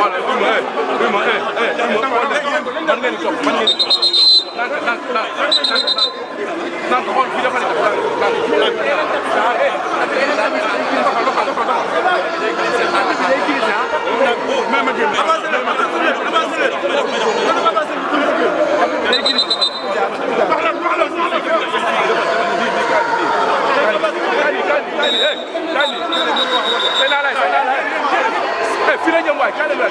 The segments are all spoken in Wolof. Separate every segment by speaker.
Speaker 1: voilà buy ma eh buy ma eh eh man ngeen di toog man ngeen di toog naan naan naan naan xool fii dafa nekk naan naan. mais ma génn avancé leen avancé leen fii la jëm waay kaay la waay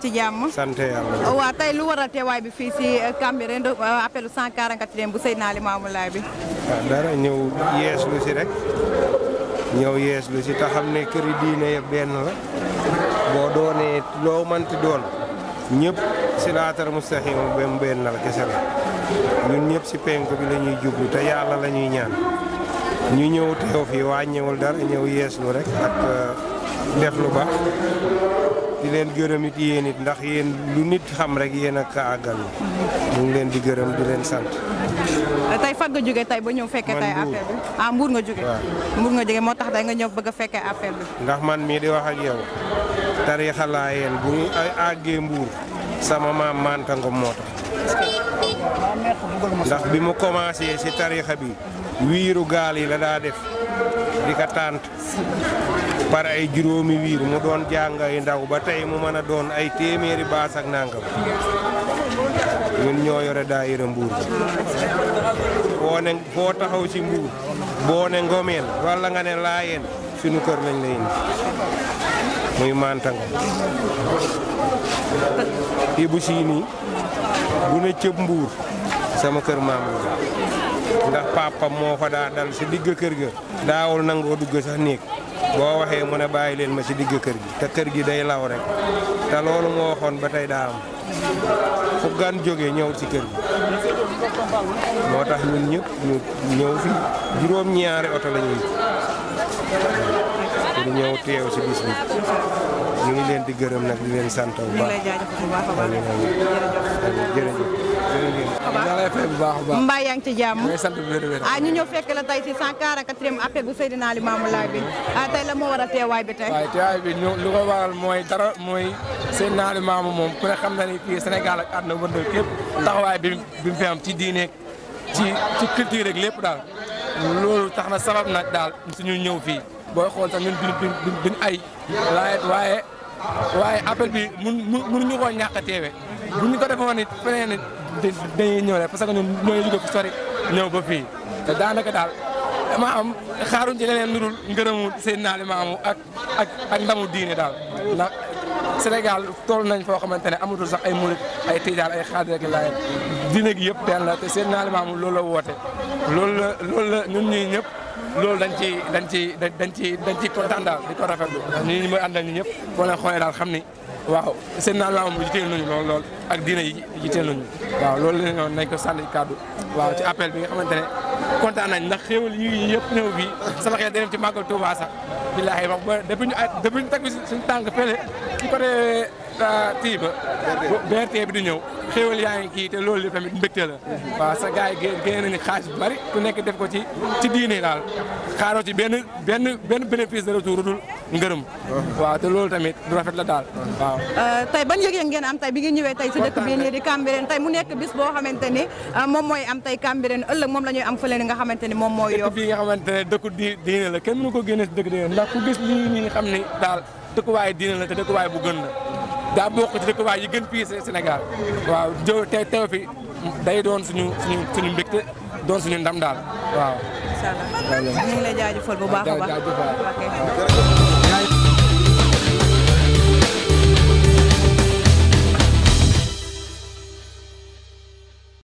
Speaker 2: ci jàmm. sant yàlla. waaw
Speaker 1: tey lu waral teewaay bi fii si Cambérène appelu 144 bu Seydina Limaamu Laay
Speaker 2: bi. waaw ah, dara ñëw yees lu si rek ñëw yees lu si te ne kër diine yëpp benn la boo doonee loo mënti doon ñëpp si laatar mustaxim ba benn la kese la ñun ñëpp si penk bi lañuy ñuy jublu te yàlla la ñuy ñaan ñu ñëw teew fii wàññiwul dara ñëw yees rek ak ah, def lu ba di leen gërëm it yéen it ndax yéen lu nit xam rek yéen a ka àggal ñu ngi leen di gërëm di leen sant.
Speaker 1: tey fan nga jógee tey ba ñëw fekkee tey appel bi ah Mbour nga jógee. Mbour nga jógee moo tax day nga ñëw bëgg a fekkee appel bi.
Speaker 2: ndax man mii di wax ak yow tariixa laayeen bu ñu àggee Mbour sama maam Manta Ngom moo tax. ndax bi mu commencé si tariixa bi wiiru gaal yi la daa def. di ko ay juróomi wiir mu doon jàng ay ndaw ba tey mu mën a doon ay téeméeri baas ak nangam ñun ñoo yore daayira mbuur boo ne boo taxaw ci mbuur boo ne ngomeel walla nga ne laayeen sunu kër lañ lay indi muy mantanga ibu siini bu ne mbuur sama kër maam ndax papa moo fa daa dal si digg kër ga daawul nangoo dugg sax néeg boo waxee mu ne bàyyi leen ma ci digg kër gi te kër gi day law rek te loolu moo waxoon ba tey daa am fu gan jóge ñëw ci kër gi moo tax ñun ñëpp ñu ñëw fi juróom-ñaari oto la ñuy pour ñëw teew si bis bi ñu ngi leen di gërëm nag di leen sant bu baax jërëjëf mbaa yaa
Speaker 1: ngi ci jàmm ah ñu ñëw fekk la tey si 144e appel bu Seydina Ali Maamu Laay bi ah tey la moo war a teewaay bi tey waaw teewaay bi ñu lu ko waral mooy dara mooy Seydina Ali Maamu moom ku ne xam na ni fii Sénégal ak àdduna wëndal képp taxawaay bi bi mu fi am ci diine ci ci culture rek lépp daal loolu tax na sabab nag daal suñu ñëw fii booy xool sax ñun duñ duñ ay laayet waaye waaye appel bi mun mënuñu koo ñàkk a teewe bu ñu ko defoon it feneen it dañuy ñëw rek parce que ñun ñooy jóge fu sori ñëw ba fii te daanaka daal dama am xaaruñ ci leneen lu dul ngërëmu seen naali maamu ak ak ak ndamu diine daal ndax tool nañ foo xamante ne amatul sax ay murit ay tijaan ay xaadir ak laay diine gi yëpp benn la te seen naali maamu loolu la woote loolu la loolu ñii ñëpp loolu dañ ci dañ ci dañ ci dañ ci kontaan daal di ko rafetlu ñi ñu mooy àndal ñëpp boo leen daal xam ni waaw seen naa laamu bi jiteel nañu lool lool ak diine yi jiteel nañu waaw loolu la ñu nañ ko sànni kàddu waaw ci appel bi nga xamante ne kontaan nañ ndax xéewal yi yëpp ñëw bi sama xel dem ci màggal Touba sax billaahi wax ba depuis ñu depuis ñu teg suñu tànk fële ci côté tii euh, ba BRT bi du ñëw xéwal yaa ngi kii te loolu li tamit la waaw sa gars yi génn nañu bu bari ku nekk def ko ci ci diine daal xaaroo ci benn benn benn bénéfice de retour dul ngërëm waaw te loolu tamit du rafet la daal waaw euh, tey ban yëg-yëg ngeen am tey bi ngeen nii di Cambérène tey mu nekk bis boo xamante ni euh, moom mooy am tey Cambérène ëllëg moom la ñuy am fële nga xamante ni moom mooy yow bi nga xamante ne dëkku diine la kenn mënu ko génne si dëkk diine ndax ku gis lii nii xam ni daal dëkkuwaay diine la te bu gën la daa bokk ci dëkk waay yi gën fii Sénégal waaw jëw tey teew fi day doon suñu suñu doon suñu ndam daal waaw.